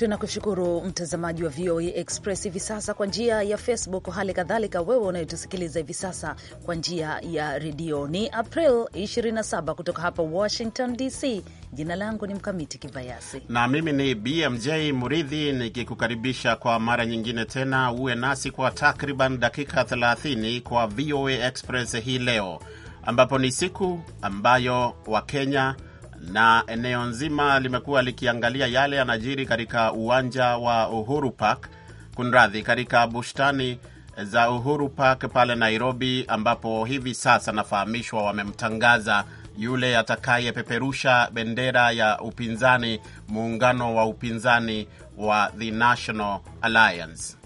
Tunakushukuru mtazamaji wa VOA e Express hivi sasa kwa njia ya Facebook, hali kadhalika wewe unayotusikiliza hivi sasa kwa njia ya redio. Ni April 27 kutoka hapa Washington DC. Jina langu ni Mkamiti Kibayasi na mimi ni BMJ Muridhi, nikikukaribisha kwa mara nyingine tena uwe nasi kwa takriban dakika 30 kwa VOA e Express hii leo, ambapo ni siku ambayo Wakenya na eneo nzima limekuwa likiangalia yale yanajiri katika uwanja wa Uhuru Park, kunradhi, katika bustani za Uhuru Park pale Nairobi, ambapo hivi sasa nafahamishwa wamemtangaza yule atakayepeperusha bendera ya upinzani, muungano wa upinzani wa The National Alliance.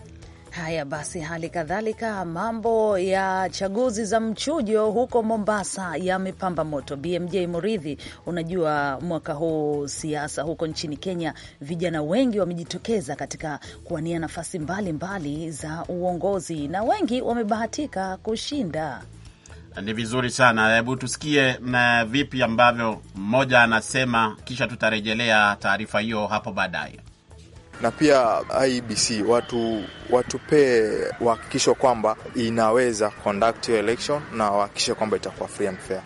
Haya basi, hali kadhalika mambo ya chaguzi za mchujo huko Mombasa yamepamba moto. BMJ Muridhi, unajua mwaka huu siasa huko nchini Kenya, vijana wengi wamejitokeza katika kuwania nafasi mbalimbali mbali za uongozi na wengi wamebahatika kushinda. Ni vizuri sana. Hebu tusikie na eh, vipi ambavyo mmoja anasema, kisha tutarejelea taarifa hiyo hapo baadaye na pia IBC watu watupee uhakikisho kwamba inaweza conduct election na wahakikishe kwamba itakuwa free and fair.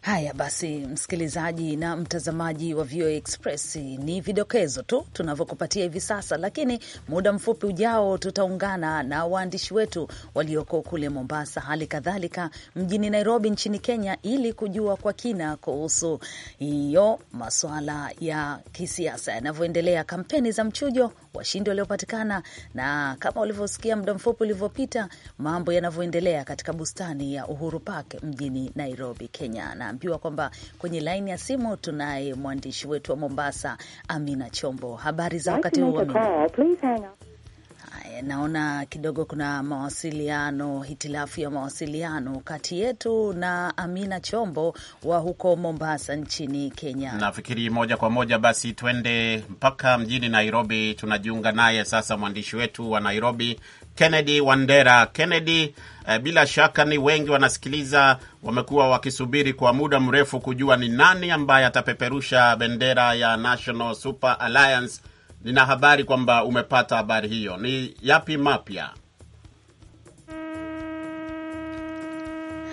Haya basi, msikilizaji na mtazamaji wa VOA Express, ni vidokezo tu tunavyokupatia hivi sasa, lakini muda mfupi ujao tutaungana na waandishi wetu walioko kule Mombasa, hali kadhalika mjini Nairobi nchini Kenya, ili kujua kwa kina kuhusu hiyo masuala ya kisiasa yanavyoendelea, kampeni za mchujo washindi waliopatikana na kama ulivyosikia muda mfupi ulivyopita, mambo yanavyoendelea katika bustani ya Uhuru Park mjini Nairobi, Kenya. Naambiwa kwamba kwenye laini ya simu tunaye mwandishi wetu wa Mombasa, Amina Chombo. Habari za wakati huu Amina? Haya, eh, naona kidogo kuna mawasiliano, hitilafu ya mawasiliano kati yetu na Amina Chombo wa huko Mombasa nchini Kenya. Nafikiri moja kwa moja basi twende mpaka mjini Nairobi. Tunajiunga naye sasa mwandishi wetu wa Nairobi, Kennedy Wandera. Kennedy, eh, bila shaka ni wengi wanasikiliza, wamekuwa wakisubiri kwa muda mrefu kujua ni nani ambaye atapeperusha bendera ya National Super Alliance Nina habari kwamba umepata habari hiyo. Ni yapi mapya?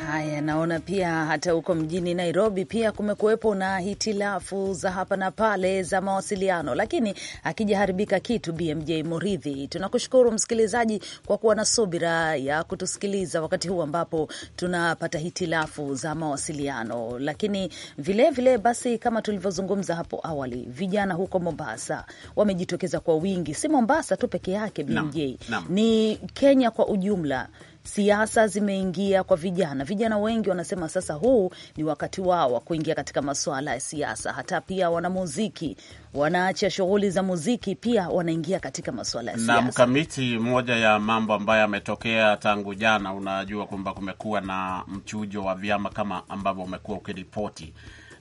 Haya, naona pia hata huko mjini Nairobi pia kumekuwepo na hitilafu za hapa na pale za mawasiliano, lakini akijaharibika kitu. BMJ Muridhi, tunakushukuru msikilizaji kwa kuwa na subira ya kutusikiliza wakati huu ambapo tunapata hitilafu za mawasiliano. Lakini vilevile vile, basi kama tulivyozungumza hapo awali, vijana huko Mombasa wamejitokeza kwa wingi, si Mombasa tu peke yake BMJ no, no. ni Kenya kwa ujumla siasa zimeingia kwa vijana. Vijana wengi wanasema sasa huu ni wakati wao wa kuingia katika masuala ya siasa. Hata pia wanamuziki wanaacha shughuli za muziki, pia wanaingia katika masuala ya siasa. Na mkamiti, moja ya mambo ambayo yametokea tangu jana, unajua kwamba kumekuwa na mchujo wa vyama kama ambavyo umekuwa ukiripoti,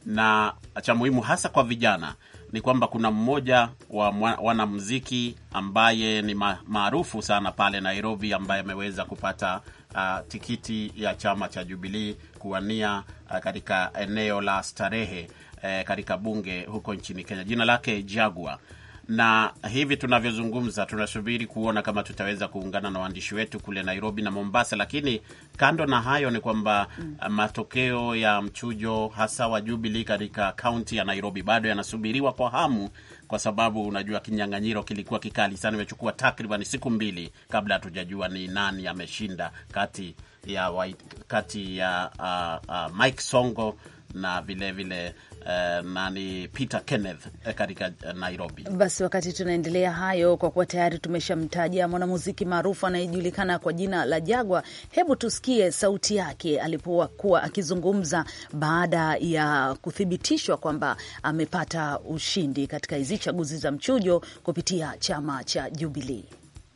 na cha muhimu hasa kwa vijana ni kwamba kuna mmoja wa wanamuziki ambaye ni maarufu sana pale Nairobi ambaye ameweza kupata uh, tikiti ya chama cha jubilii kuwania uh, katika eneo la starehe uh, katika bunge huko nchini Kenya. Jina lake jagua na hivi tunavyozungumza, tunasubiri kuona kama tutaweza kuungana na waandishi wetu kule Nairobi na Mombasa. Lakini kando na hayo ni kwamba mm, matokeo ya mchujo hasa wa Jubilee katika kaunti ya Nairobi bado yanasubiriwa kwa hamu, kwa sababu unajua kinyang'anyiro kilikuwa kikali sana. Imechukua takriban siku mbili kabla hatujajua ni nani ameshinda kati ya, kati ya uh, uh, Mike Songo na vilevile Eh, nani Peter Kenneth eh, katika eh, Nairobi. Basi wakati tunaendelea hayo, kwa kuwa tayari tumeshamtaja mwanamuziki maarufu anayejulikana kwa jina la Jagwa, hebu tusikie sauti yake alipokuwa akizungumza baada ya kuthibitishwa kwamba amepata ushindi katika hizi chaguzi za mchujo kupitia chama cha Jubilee.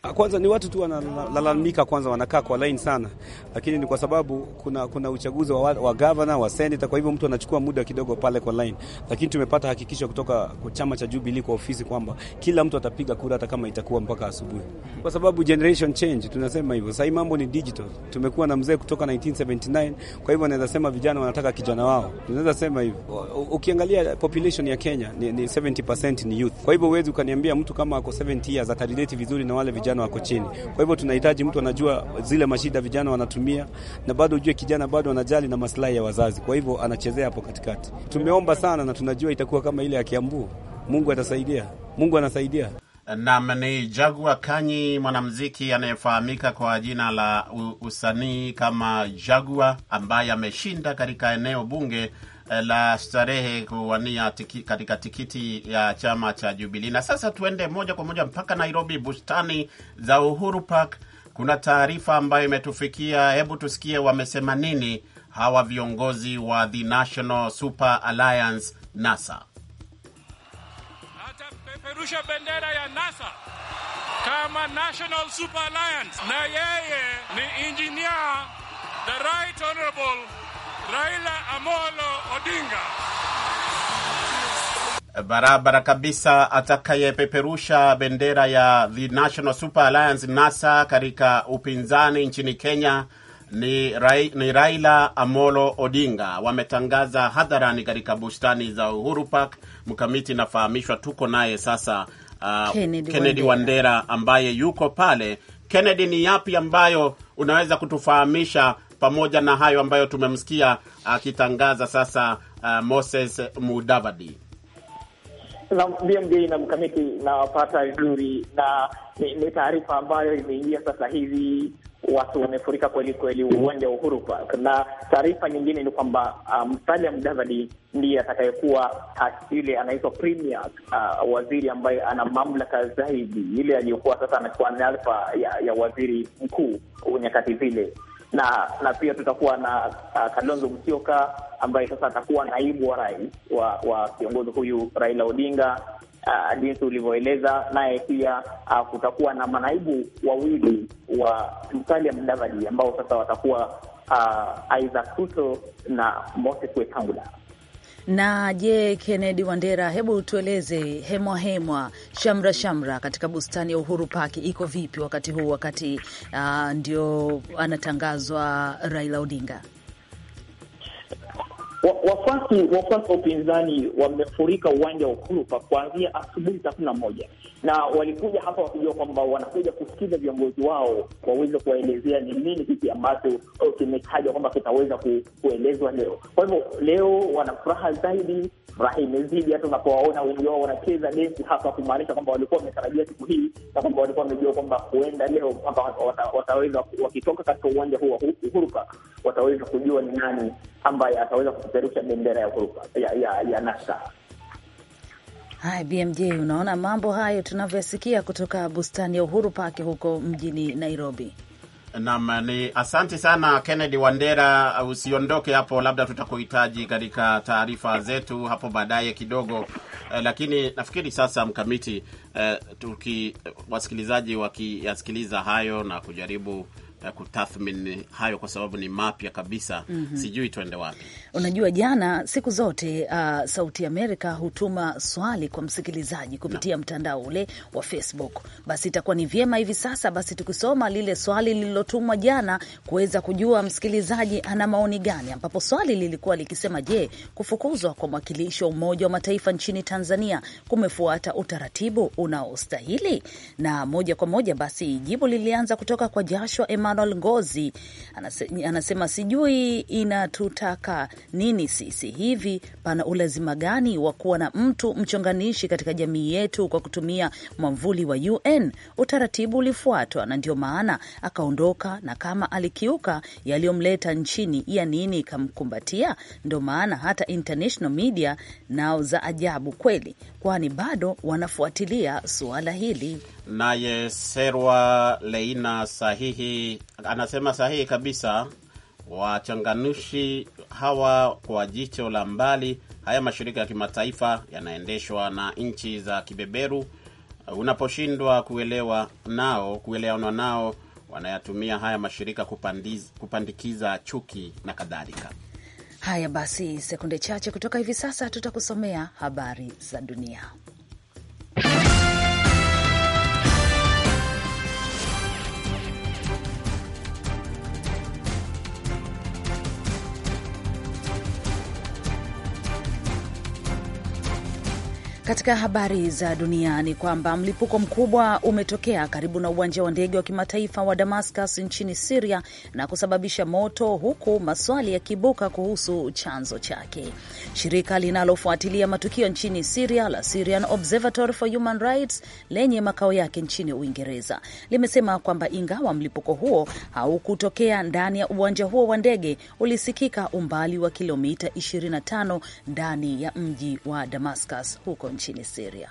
Ah, kwanza ni watu tu wanalalamika, kwanza wanakaa kwa line sana, lakini ni kwa sababu kuna, kuna uchaguzi wa, wa gavana wa seneta, kwa hivyo mtu anachukua muda kidogo pale kwa line, lakini tumepata hakikisho kutoka kwa chama cha Jubilee kwa ofisi kwamba kila mtu atapiga kura hata kama itakuwa mpaka asubuhi, kwa sababu generation change tunasema hivyo. Sasa mambo ni digital, tumekuwa na mzee kutoka 1979 kwa hivyo naweza sema vijana wanataka kijana wao, tunaweza sema hivyo. Ukiangalia population ya Kenya ni, ni 70% ni youth, kwa hivyo huwezi ukaniambia mtu kama ako 70 years atarelate vizuri na wale vijana vijana wako chini. Kwa hivyo tunahitaji mtu anajua zile mashida vijana wanatumia, na bado ujue kijana bado anajali na maslahi ya wazazi. Kwa hivyo anachezea hapo katikati. Tumeomba sana na tunajua itakuwa kama ile ya Kiambu. Mungu atasaidia, Mungu anasaidia. Nam ni Jagua Kanyi, mwanamuziki anayefahamika kwa jina la usanii kama Jagua, ambaye ameshinda katika eneo bunge Eh, la starehe kuwania tiki, katika tikiti ya chama cha Jubilii. Na sasa tuende moja kwa moja mpaka Nairobi, bustani za Uhuru Park. Kuna taarifa ambayo imetufikia, hebu tusikie wamesema nini hawa viongozi wa the National Super Alliance NASA. Atapeperusha bendera ya NASA kama National Super Alliance, na yeye ni engineer the right honorable Raila Amolo Odinga. Barabara kabisa. Atakayepeperusha bendera ya The National Super Alliance NASA katika upinzani nchini Kenya ni, Rai, ni Raila Amolo Odinga. Wametangaza hadharani katika bustani za Uhuru Park. Mkamiti inafahamishwa, tuko naye sasa uh, Kennedy, Kennedy Wandera ambaye yuko pale. Kennedy, ni yapi ambayo unaweza kutufahamisha pamoja na hayo ambayo tumemsikia akitangaza sasa uh, Moses Mudavadi na BMJ na mkamiti na wapata vizuri, na ni taarifa ambayo imeingia sasa hivi. Watu wamefurika kweli kweli uwanja wa Uhuru Park, na taarifa nyingine ni kwamba Musalia um, Mudavadi ndiye atakayekuwa yule anaitwa premier uh, waziri ambaye ana mamlaka zaidi, yule aliyokuwa sasa anachukua nyadhifa ya, ya waziri mkuu nyakati zile na na pia tutakuwa na uh, Kalonzo Musyoka ambaye sasa atakuwa naibu wa rais wa, wa kiongozi huyu Raila Odinga. Uh, jinsi ulivyoeleza naye pia uh, kutakuwa na manaibu wawili wa Musalia Mudavadi ambao sasa watakuwa uh, Isaac Ruto na Moses Wetangula. Na je, Kennedy Wandera, hebu tueleze hemwa hemwa, shamra shamra katika bustani ya Uhuru Park iko vipi wakati huu, wakati uh, ndio anatangazwa Raila Odinga? Wafuasi wafuasi wa upinzani wamefurika uwanja wa Uhuru Park kuanzia asubuhi saa kumi na moja na walikuja hapa wakijua kwamba wanakuja kusikiza viongozi wao waweze kuwaelezea ni nini hiki ambacho kimetajwa kwamba kitaweza kuelezwa leo. Kwa hivyo leo wana furaha zaidi, furaha imezidi hata unapowaona wengi wao wanacheza densi hapa, kumaanisha kwamba walikuwa wametarajia siku hii na kwamba walikuwa wamejua kwamba huenda leo kwamba wataweza, wakitoka katika uwanja huu wa Uhuru Park wataweza kujua ni nani ambaye ataweza kupeperusha bendera ya, ya, ya, ya NASA. Haya, BMJ, unaona mambo hayo tunavyosikia kutoka bustani ya Uhuru pake huko mjini Nairobi. Naam, ni asante sana Kennedy Wandera, usiondoke hapo, labda tutakuhitaji katika taarifa zetu hapo baadaye kidogo eh, lakini nafikiri sasa mkamiti eh, tuki eh, wasikilizaji wakiyasikiliza hayo na kujaribu kutathmini hayo kwa sababu ni mapya kabisa. mm -hmm. Sijui tuende wapi. Unajua, jana siku zote uh, Sauti Amerika hutuma swali kwa msikilizaji kupitia no. mtandao ule wa Facebook. Basi itakuwa ni vyema hivi sasa basi tukisoma lile swali lililotumwa jana kuweza kujua msikilizaji ana maoni gani, ambapo swali lilikuwa likisema, je, kufukuzwa kwa mwakilishi wa Umoja wa Mataifa nchini Tanzania kumefuata utaratibu unaostahili? Na moja kwa moja basi jibu lilianza kutoka kwa Joshua Emma Emmanuel Ngozi anasema sijui inatutaka nini sisi hivi. Pana ulazima gani wa kuwa na mtu mchonganishi katika jamii yetu kwa kutumia mwamvuli wa UN? Utaratibu ulifuatwa na ndio maana akaondoka, na kama alikiuka yaliyomleta nchini, ya nini ikamkumbatia? Ndio maana hata international media nao za ajabu kweli, kwani bado wanafuatilia suala hili. Naye Serwa Leina Sahihi anasema sahihi kabisa. Wachanganushi hawa kwa jicho la mbali, haya mashirika ya kimataifa yanaendeshwa na nchi za kibeberu. Unaposhindwa kuelewa nao, kuelewana nao, wanayatumia haya mashirika kupandiz, kupandikiza chuki na kadhalika. Haya basi, sekunde chache kutoka hivi sasa tutakusomea habari za dunia. Katika habari za dunia ni kwamba mlipuko mkubwa umetokea karibu na uwanja wa ndege wa kimataifa wa Damascus nchini Siria na kusababisha moto, huku maswali yakibuka kuhusu chanzo chake. Shirika linalofuatilia matukio nchini Siria la Syrian Observatory for Human Rights lenye makao yake nchini Uingereza limesema kwamba ingawa mlipuko huo haukutokea ndani ya uwanja huo wa ndege, ulisikika umbali wa kilomita 25 ndani ya mji wa Damascus huko nchini Siria.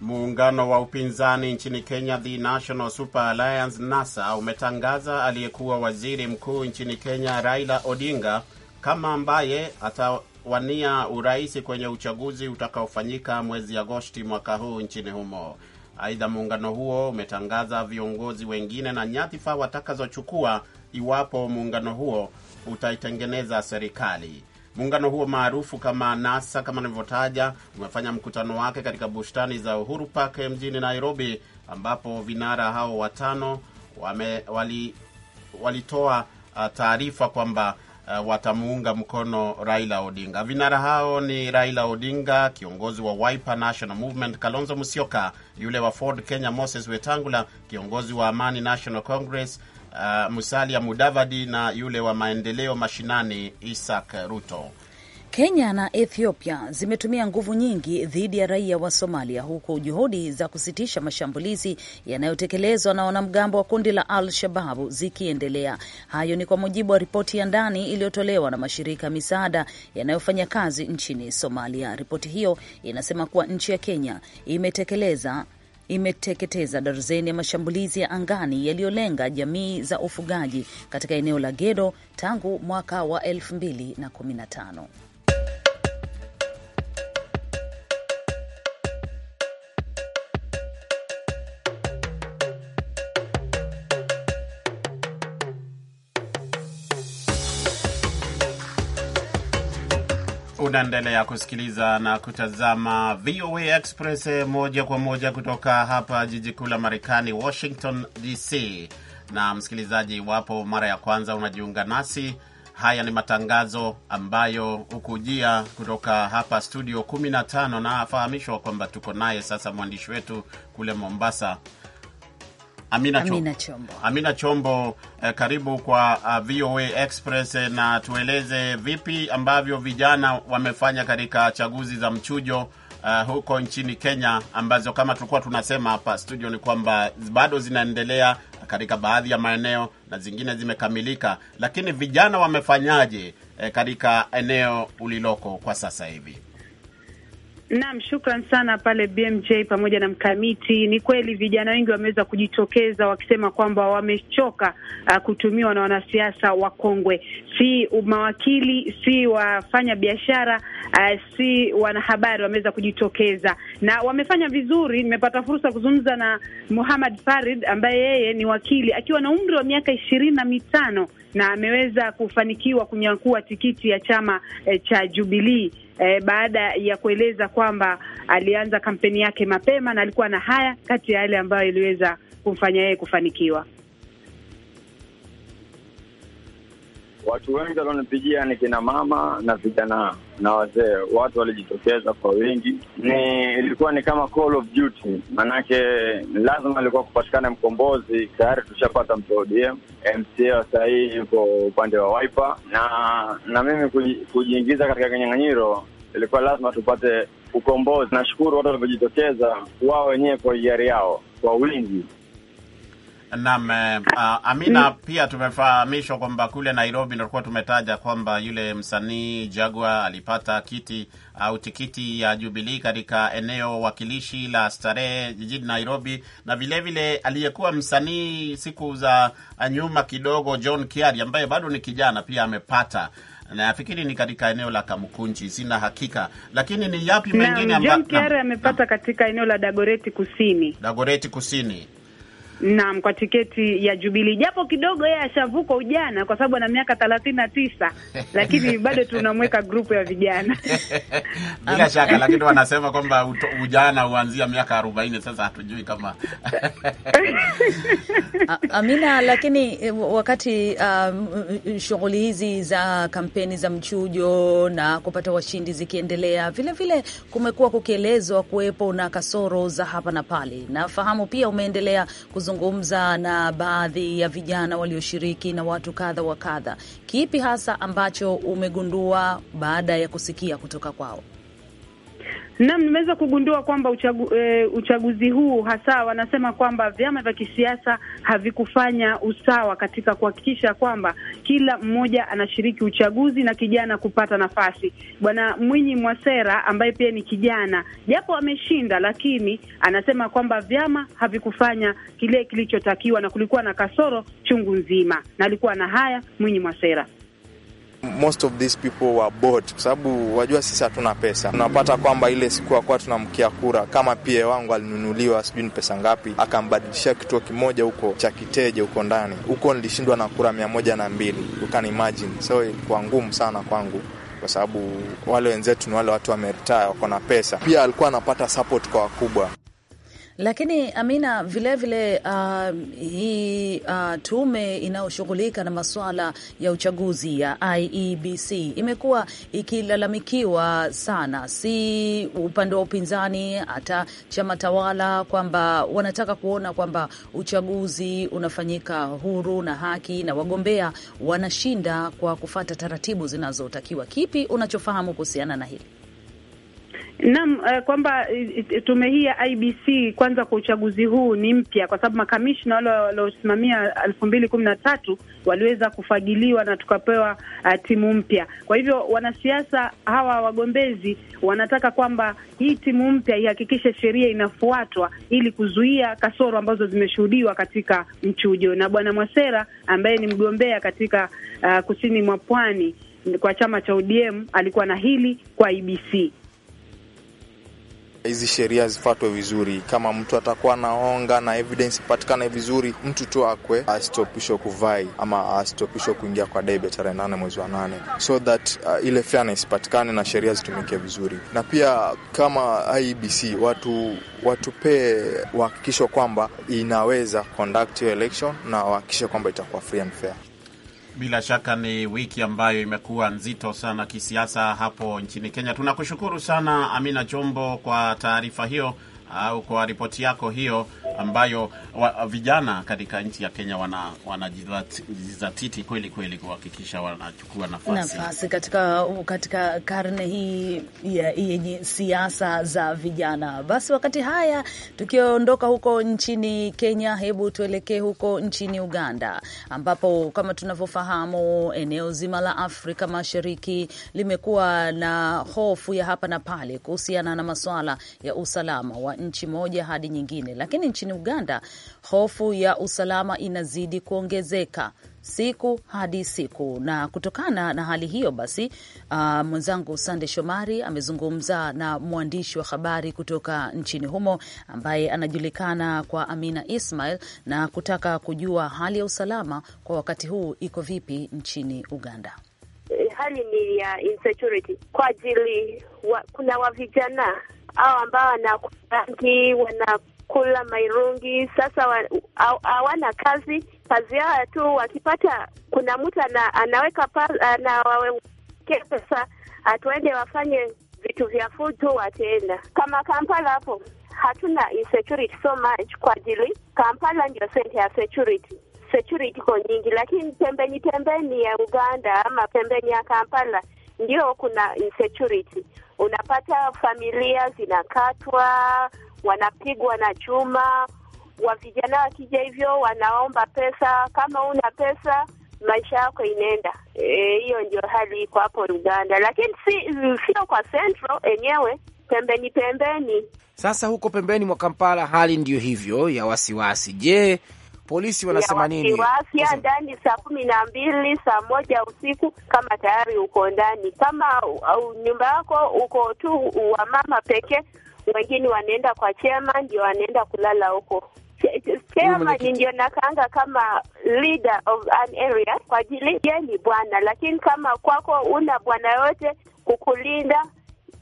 Muungano wa upinzani nchini Kenya, The National Super Alliance, NASA, umetangaza aliyekuwa waziri mkuu nchini Kenya Raila Odinga kama ambaye atawania urais kwenye uchaguzi utakaofanyika mwezi Agosti mwaka huu nchini humo. Aidha, muungano huo umetangaza viongozi wengine na nyadhifa watakazochukua iwapo muungano huo utaitengeneza serikali. Muungano huo maarufu kama NASA, kama nilivyotaja, umefanya mkutano wake katika bustani za Uhuru Park mjini Nairobi, ambapo vinara hao watano wame, wali, walitoa uh, taarifa kwamba uh, watamuunga mkono Raila Odinga. Vinara hao ni Raila Odinga, kiongozi wa Wiper National Movement, Kalonzo Musyoka, yule wa Ford Kenya Moses Wetangula, kiongozi wa Amani National Congress Uh, Musalia Mudavadi na yule wa maendeleo mashinani Isaac Ruto. Kenya na Ethiopia zimetumia nguvu nyingi dhidi ya raia wa Somalia huku juhudi za kusitisha mashambulizi yanayotekelezwa na wanamgambo wa kundi la Al-Shababu zikiendelea. Hayo ni kwa mujibu wa ripoti ya ndani iliyotolewa na mashirika ya misaada yanayofanya kazi nchini Somalia. Ripoti hiyo inasema kuwa nchi ya Kenya imetekeleza imeteketeza darzeni ya mashambulizi ya angani yaliyolenga jamii za ufugaji katika eneo la Gedo tangu mwaka wa 2015. Unaendelea kusikiliza na kutazama VOA Express eh, moja kwa moja kutoka hapa jiji kuu la Marekani, Washington DC. Na msikilizaji, iwapo mara ya kwanza unajiunga nasi, haya ni matangazo ambayo hukujia kutoka hapa studio 15, na afahamishwa kwamba tuko naye sasa mwandishi wetu kule Mombasa Amina Chombo, Amina Chombo, Amina Chombo eh, karibu kwa uh, eh, VOA Express eh, na tueleze vipi ambavyo vijana wamefanya katika chaguzi za mchujo Uh, huko nchini Kenya ambazo kama tulikuwa tunasema hapa studio ni kwamba bado zinaendelea katika baadhi ya maeneo na zingine zimekamilika, lakini vijana wamefanyaje eh, katika eneo uliloko kwa sasa hivi? Naam, shukran sana pale BMJ pamoja na mkamiti. Ni kweli vijana wengi wameweza kujitokeza wakisema kwamba wamechoka uh, kutumiwa na wanasiasa wakongwe, si mawakili, si wafanya biashara uh, si wanahabari. Wameweza kujitokeza na wamefanya vizuri. Nimepata fursa kuzungumza na Muhammad Farid ambaye yeye ni wakili akiwa na umri wa miaka ishirini na mitano na ameweza kufanikiwa kunyakua tikiti ya chama e, cha Jubilee e, baada ya kueleza kwamba alianza kampeni yake mapema na alikuwa na haya kati ya yale ambayo iliweza kumfanya yeye kufanikiwa. Watu wengi walionipigia ni kina mama na vijana na wazee, watu walijitokeza kwa wingi. Ni ilikuwa ni kama call of duty, maanake lazima ilikuwa kupatikana mkombozi. Tayari tushapata mtu ODM, MCA saa hii yuko upande wa Wiper, na na mimi kujiingiza katika kinyang'anyiro ilikuwa lazima tupate ukombozi. Nashukuru watu walivyojitokeza wao wenyewe kwa hiari yao kwa wingi. Naam, uh, Amina, mm. pia tumefahamishwa kwamba kule Nairobi nilikuwa tumetaja kwamba yule msanii Jagwa alipata kiti au tikiti ya Jubilii katika eneo wakilishi la Starehe jijini Nairobi, na vilevile aliyekuwa msanii siku za nyuma kidogo John Kiari ambaye bado ni kijana pia amepata nafikiri ni katika eneo la Kamukunji, sina hakika, lakini ni yapi mengine ambayo John Kiari amepata katika eneo la Dagoreti Kusini, Dagoreti Kusini. Naam, kwa tiketi ya jubili japo kidogo yeye ashavuka ujana kwa sababu ana miaka thelathini na tisa lakini bado tunamweka grupu ya vijana bila shaka. Lakini wanasema kwamba ujana huanzia miaka arobaini. Sasa hatujui kama Amina, lakini eh, wakati um, shughuli hizi za kampeni za mchujo na kupata washindi zikiendelea, vilevile kumekuwa kukielezwa kuwepo na kasoro za hapa na pale. Nafahamu pia umeendelea kuzo kuzungumza na baadhi ya vijana walioshiriki na watu kadha wa kadha. Kipi hasa ambacho umegundua baada ya kusikia kutoka kwao? Naam, nimeweza kugundua kwamba uchagu, e, uchaguzi huu hasa wanasema kwamba vyama vya kisiasa havikufanya usawa katika kuhakikisha kwamba kila mmoja anashiriki uchaguzi na kijana kupata nafasi. Bwana Mwinyi Mwasera ambaye pia ni kijana, japo ameshinda, lakini anasema kwamba vyama havikufanya kile kilichotakiwa na kulikuwa na kasoro chungu nzima, na alikuwa na haya Mwinyi Mwasera most of these people were bored, kwa sababu wajua sisi hatuna pesa. Unapata kwamba ile siku akuwa tunamkia kura, kama pia wangu alinunuliwa sijui ni pesa ngapi, akambadilishia kituo kimoja huko cha Kiteje huko ndani huko, nilishindwa na kura mia moja na mbili, you can imagine. So ilikuwa ngumu sana kwangu kwa sababu wale wenzetu ni wale watu wameretire, wako na pesa. Pia alikuwa anapata support kwa wakubwa. Lakini Amina, vilevile uh, hii uh, tume inayoshughulika na masuala ya uchaguzi ya IEBC imekuwa ikilalamikiwa sana, si upande wa upinzani, hata chama tawala, kwamba wanataka kuona kwamba uchaguzi unafanyika huru na haki na wagombea wanashinda kwa kufata taratibu zinazotakiwa. Kipi unachofahamu kuhusiana na hili? Naam, uh, kwamba eh, eh, tume hii ya IBC kwanza kwa uchaguzi huu ni mpya, kwa sababu makamishna wale waliosimamia elfu mbili kumi na tatu waliweza kufagiliwa na tukapewa uh, timu mpya. Kwa hivyo wanasiasa hawa wagombezi wanataka kwamba hii timu mpya ihakikishe sheria inafuatwa ili kuzuia kasoro ambazo zimeshuhudiwa katika mchujo, na Bwana Mwasera ambaye ni mgombea katika uh, kusini mwa pwani kwa chama cha ODM alikuwa na hili kwa IBC hizi sheria zifuatwe vizuri. Kama mtu atakuwa naonga na evidence ipatikane vizuri, mtu tu akwe asitopishwe kuvai ama asitopishwe kuingia kwa debe tarehe nane mwezi wa nane, so that uh, ile fairness ipatikane na sheria zitumike vizuri. Na pia kama IBC e watu watupee uhakikisho kwamba inaweza conduct election na wahakikishe kwamba itakuwa free and fair. Bila shaka ni wiki ambayo imekuwa nzito sana kisiasa hapo nchini Kenya. Tunakushukuru sana Amina Chombo kwa taarifa hiyo au kwa ripoti yako hiyo ambayo wa, vijana katika nchi ya Kenya wanajizatiti wana kweli kweli kuhakikisha wanachukua nafasi nafasi katika, katika karne hii yenye siasa za vijana. Basi wakati haya tukiondoka huko nchini Kenya, hebu tuelekee huko nchini Uganda ambapo kama tunavyofahamu eneo zima la Afrika Mashariki limekuwa na hofu ya hapa na pale kuhusiana na masuala ya usalama wa nchi moja hadi nyingine. Lakini nchini Uganda hofu ya usalama inazidi kuongezeka siku hadi siku, na kutokana na hali hiyo basi, uh, mwenzangu Sande Shomari amezungumza na mwandishi wa habari kutoka nchini humo ambaye anajulikana kwa Amina Ismail na kutaka kujua hali ya usalama kwa wakati huu iko vipi nchini Uganda. Eh, hali ni ya insecurity kwa ajili wa, kuna wavijana au ambao wanakurangi wanakula mairungi, sasa hawana kazi. Kazi yao tu wakipata, kuna mtu ana, anaweka anawaweke pesa atuende wafanye vitu vya futu, wataenda kama Kampala hapo hatuna insecurity so much kwa ajili Kampala ndio sente ya security. Security iko nyingi, lakini pembeni pembeni ya Uganda ama pembeni ya Kampala ndio kuna insecurity. Unapata familia zinakatwa, wanapigwa na chuma wa vijana wakija hivyo wanaomba pesa. Kama una pesa, maisha yako inaenda e, hiyo. E, ndio hali iko hapo Uganda, lakini sio kwa Central enyewe, pembeni pembeni. Sasa huko pembeni mwa Kampala hali ndio hivyo ya wasiwasi. Je, polisi wanasema nini? Wakiwafya ndani saa kumi na mbili saa moja usiku, kama tayari uko ndani, kama nyumba yako uko tu wa mama pekee, wengine wanaenda kwa chema, ndio wanaenda kulala huko. ni ndio nakaanga kama leader of an area kwa ajili ye ni bwana, lakini kama kwako una bwana yote kukulinda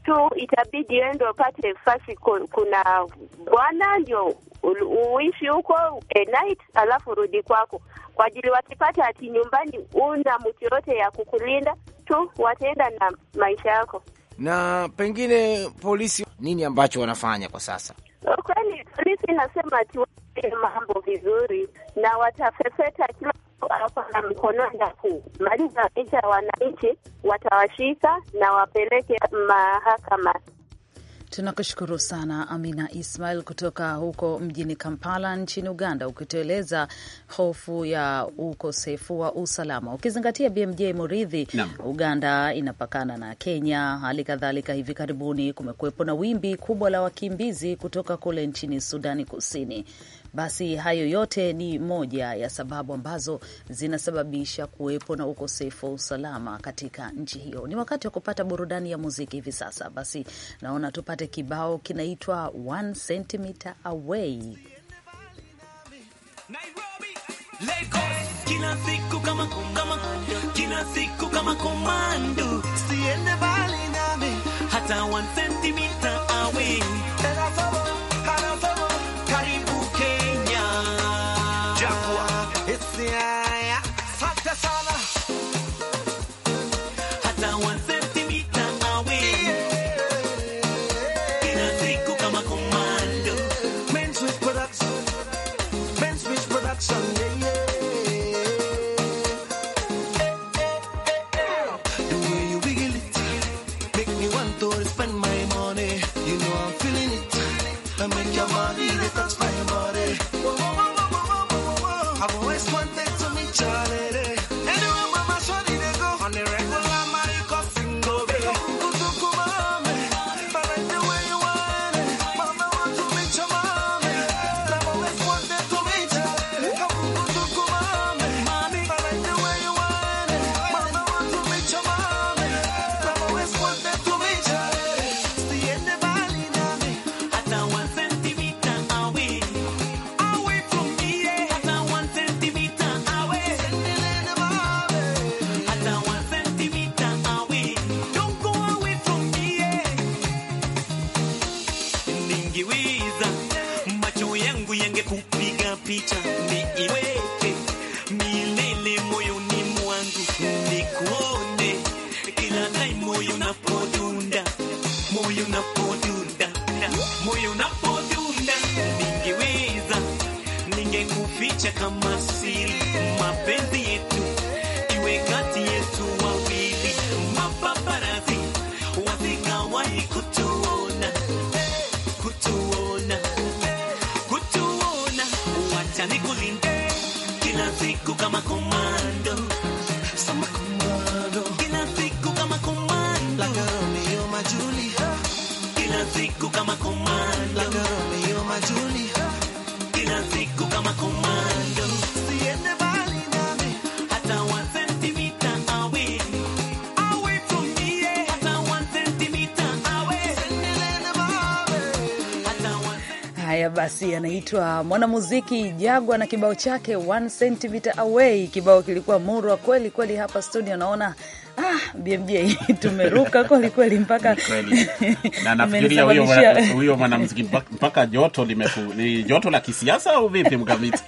tu, itabidi endo upate fasi. Kuna bwana ndio uishi huko a eh, night alafu rudi kwako, kwa ajili wakipata ati nyumbani una mtu yote ya kukulinda tu, wataenda na maisha yako. Na pengine polisi nini ambacho wanafanya kwa sasa? Kweli polisi inasema ati mambo vizuri na watafefeta kila na mkono na kumaliza maisha ya wananchi, watawashika na wapeleke mahakama. Tunakushukuru sana Amina Ismail kutoka huko mjini Kampala nchini Uganda, ukitueleza hofu ya ukosefu wa usalama ukizingatia BMJ Muridhi. Uganda inapakana na Kenya, hali kadhalika hivi karibuni kumekuwepo na wimbi kubwa la wakimbizi kutoka kule nchini Sudani Kusini. Basi hayo yote ni moja ya sababu ambazo zinasababisha kuwepo na ukosefu wa usalama katika nchi hiyo. Ni wakati wa kupata burudani ya muziki hivi sasa. Basi naona tupate kibao kinaitwa One Centimeter Away. Kila siku kama komando, siende mbali nami hata one centimeter away Peter. Haya basi, anaitwa mwanamuziki Jagwa na kibao chake one centimeter away. Kibao kilikuwa murwa kweli kweli hapa studio, naona ah, BMJ tumeruka kweli kweli mpaka na nafikiria huyo huyo mwanamuziki mpaka joto limefu, ni joto la kisiasa au vipi mkamiti?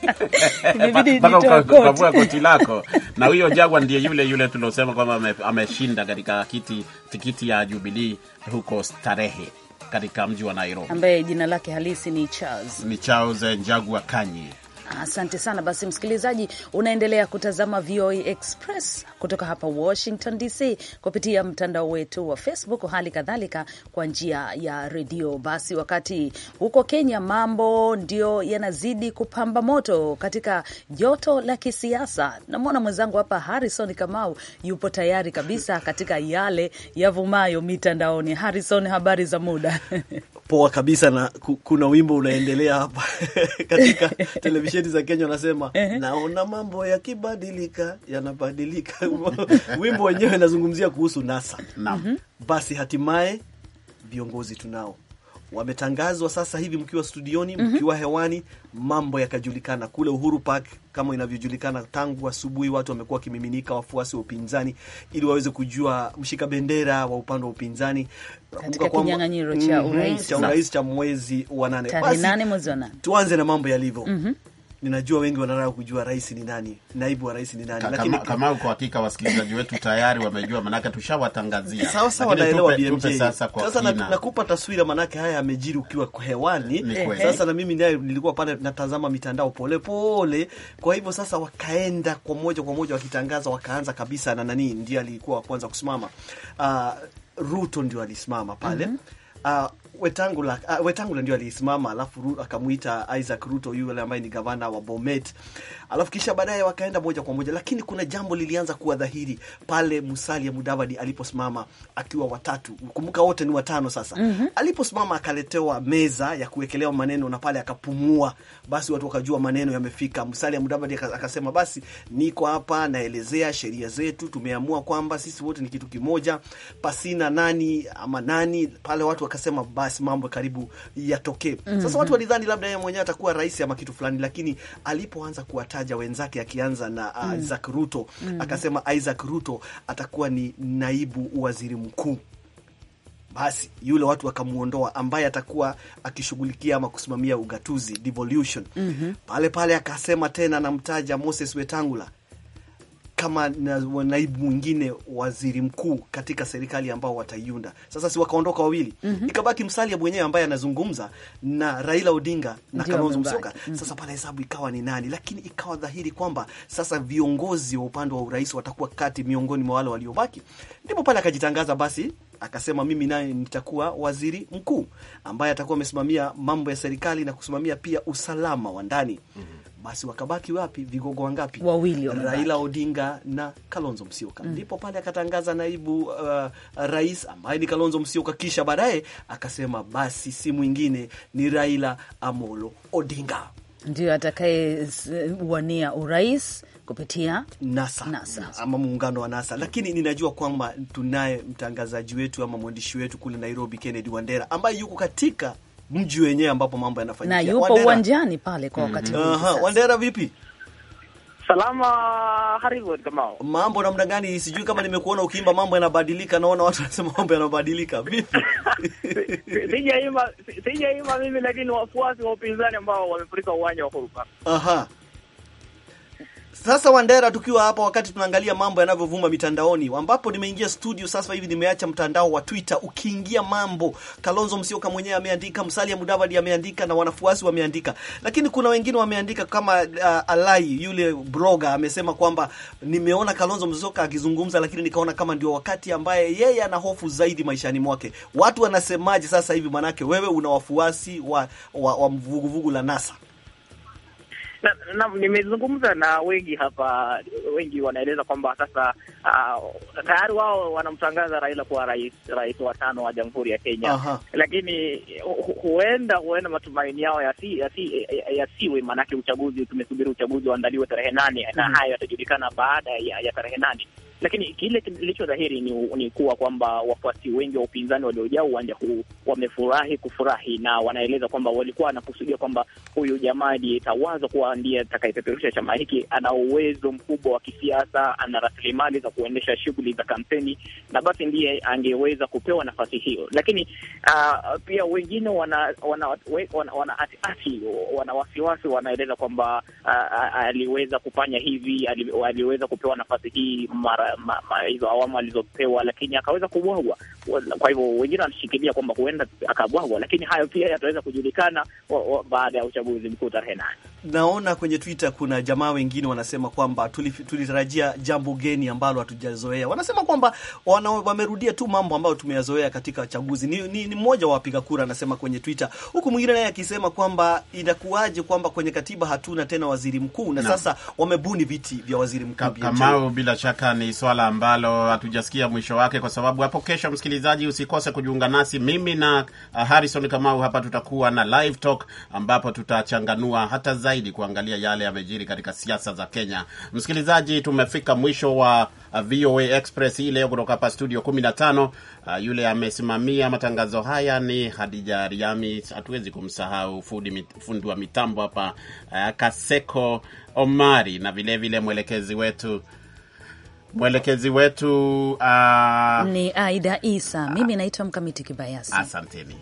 mpaka ukavua koti lako. Na huyo Jagwa ndiye yule yule tuliosema kwamba ameshinda katika kiti tikiti ya Jubilii huko Starehe katika mji wa Nairobi, ambaye jina lake halisi ni Charles, ni Charles Njagua Kanyi. Asante sana. Basi msikilizaji, unaendelea kutazama VOA Express kutoka hapa Washington DC kupitia mtandao wetu wa Facebook, hali kadhalika kwa njia ya redio. Basi wakati huko Kenya mambo ndio yanazidi kupamba moto katika joto la kisiasa, namwona mwenzangu hapa Harrison Kamau yupo tayari kabisa katika yale yavumayo mitandaoni. Harrison, habari za muda? Poa kabisa, na kuna wimbo unaendelea hapa katika televisheni televisheni za Kenya wanasema naona mambo yakibadilika yanabadilika. Wimbo wenyewe inazungumzia kuhusu NASA. Naam. Mhm. Basi hatimaye viongozi tunao wametangazwa sasa hivi, mkiwa studioni, mhm. mkiwa hewani, mambo yakajulikana kule Uhuru Park kama inavyojulikana. Tangu asubuhi watu wamekuwa wakimiminika, wafuasi wa upinzani, ili waweze kujua mshika bendera wa upande wa upinzani katika kinyang'anyiro mhm. cha urais cha mwezi wa nane. Basi tuanze na mambo yalivyo. mm -hmm ninajua wengi wanataka kujua rais ni nani, naibu wa rais ni nani, lakini kama kwa hakika wasikilizaji wetu tayari wamejua, manake tushawatangazia. Sawa sawa, naelewa BMJ. Sasa nakupa taswira, manake haya yamejiri ukiwa hewani. Sasa na mimi naye nilikuwa pale natazama mitandao polepole pole. Kwa hivyo sasa wakaenda kwa moja kwa moja wakitangaza, wakaanza kabisa na nani ndiye alikuwa wa kwanza kusimama. Uh, Ruto ndio alisimama pale mm -hmm uh, Wetangula, uh, Wetangula ndio alisimama, alafu akamwita Isaac Ruto yule ambaye ni gavana wa Bomet, alafu kisha baadaye wakaenda moja kwa moja, lakini kuna jambo lilianza kuwa dhahiri pale Musalia Mudavadi aliposimama akiwa watatu, kumbuka wote ni watano sasa. mm -hmm. Aliposimama akaletewa meza ya kuwekelewa maneno na pale akapumua, basi watu wakajua maneno yamefika. Musalia Mudavadi akasema, basi niko hapa naelezea sheria zetu, tumeamua kwamba sisi wote ni kitu kimoja, pasina nani ama nani. Pale watu wakasema basi mambo karibu yatokee. mm -hmm. Sasa watu walidhani labda yeye mwenyewe atakuwa rais ama kitu fulani, lakini alipoanza kuwataja wenzake akianza na uh, mm. Isaac Ruto mm -hmm. akasema Isaac Ruto atakuwa ni naibu waziri mkuu basi yule watu wakamuondoa, ambaye atakuwa akishughulikia ama kusimamia ugatuzi devolution. mm -hmm. Pale pale akasema tena, namtaja Moses Wetangula kama na, naibu mwingine waziri mkuu katika serikali ambao wataiunda sasa, si wakaondoka wawili mm -hmm. Ikabaki Musalia mwenyewe ambaye anazungumza na Raila Odinga na Kalonzo Musyoka mm -hmm. Sasa pale hesabu ikawa ni nani, lakini ikawa dhahiri kwamba sasa viongozi wa upande wa urais watakuwa kati miongoni mwa wale waliobaki, ndipo pale akajitangaza basi akasema mimi naye nitakuwa waziri mkuu ambaye atakuwa amesimamia mambo ya serikali na kusimamia pia usalama wa ndani. mm -hmm basi wakabaki wapi? Vigogo wangapi? Wawili Raila Odinga na Kalonzo Musyoka. Mm. Ndipo mm. pale akatangaza naibu uh, rais ambaye ni Kalonzo Musyoka, kisha baadaye akasema basi si mwingine ni Raila Amolo Odinga ndio atakayewania urais kupitia NASA, NASA ama muungano wa NASA. Lakini ninajua kwamba tunaye mtangazaji wetu ama mwandishi wetu kule Nairobi, Kennedy Wandera ambaye yuko katika mji wenyewe ambapo mambo yanafanyika. Na yupo uwanjani pale kwa mhm. wakati huu. Aha, Wandera vipi? Salama haribu kama. Mambo namna gani? Sijui kama nimekuona ukiimba mambo yanabadilika, naona watu wanasema mambo yanabadilika. Vipi? Sijaimba, sijaimba mimi lakini wafuasi wa upinzani ambao wamefurika uwanja wa Hurupa. Aha. Sasa Wandera, tukiwa hapa wakati tunaangalia mambo yanavyovuma mitandaoni, ambapo nimeingia studio sasa hivi, nimeacha mtandao wa Twitter. Ukiingia mambo, Kalonzo Musyoka mwenyewe ameandika, Musalia Mudavadi ameandika na wanafuasi wameandika, lakini kuna wengine wameandika kama uh, Alai yule blogger amesema kwamba nimeona Kalonzo Musyoka akizungumza, lakini nikaona kama ndio wakati ambaye yeye ana hofu zaidi maishani mwake. Watu wanasemaje sasa hivi? Manake wewe una wafuasi wa, wa, wa mvuguvugu la NASA na, na, nimezungumza na wengi hapa, wengi wanaeleza kwamba sasa uh, tayari wao wanamtangaza Raila kuwa rais, rais wa tano wa Jamhuri ya Kenya. Aha. Lakini huenda huenda matumaini yao yasiwe yasi, yasi, maanake uchaguzi tumesubiri uchaguzi uandaliwe tarehe nane mm -hmm. na mhm. hayo yatajulikana baada ya, ya tarehe nane lakini kile kilicho dhahiri ni, ni kuwa kwamba wafuasi wengi wa upinzani waliojaa uwanja huu wamefurahi kufurahi, na wanaeleza kwamba walikuwa wanakusudia kwamba huyu jamaa aliyetawazwa kuwa ndiye atakayepeperusha chama hiki ana uwezo mkubwa wa kisiasa, ana rasilimali za kuendesha shughuli za kampeni, na basi ndiye angeweza kupewa nafasi hiyo. Lakini uh, pia wengine wana wana wana, wana wana wasiwasi, wanaeleza kwamba uh, aliweza kufanya hivi, aliweza kupewa nafasi hii mara hizo awamu alizopewa, lakini akaweza kubwagwa. Kwa hivyo wengine wanashikilia kwamba huenda akabwagwa, lakini hayo pia yataweza kujulikana baada ya uchaguzi mkuu tarehe nane. Naona kwenye Twitter kuna jamaa wengine wanasema kwamba tulitarajia jambo geni ambalo hatujazoea. Wanasema kwamba wana, wamerudia tu mambo ambayo tumeyazoea katika chaguzi. Ni, ni, ni mmoja wa wapiga kura anasema kwenye Twitter, huku mwingine naye akisema kwamba inakuwaje kwamba kwenye katiba hatuna tena waziri mkuu na na Sasa wamebuni viti vya waziri mkuu. bila shaka ni swala ambalo hatujasikia mwisho wake, kwa sababu hapo kesho, msikilizaji, usikose kujiunga nasi, mimi na uh, Harrison Kamau hapa tutakuwa na live talk, ambapo tutachanganua hata zaidi kuangalia yale yamejiri katika siasa za Kenya. Msikilizaji, tumefika mwisho wa uh, VOA Express hii leo kutoka hapa studio 15. Uh, yule amesimamia matangazo haya ni Hadija Riami, hatuwezi kumsahau fundi, fundi wa mitambo hapa uh, Kaseko Omari na vilevile vile mwelekezi wetu Mwelekezi wetu uh... ni Aida Isa. Mimi naitwa Mkamiti Kibayasi. Asanteni.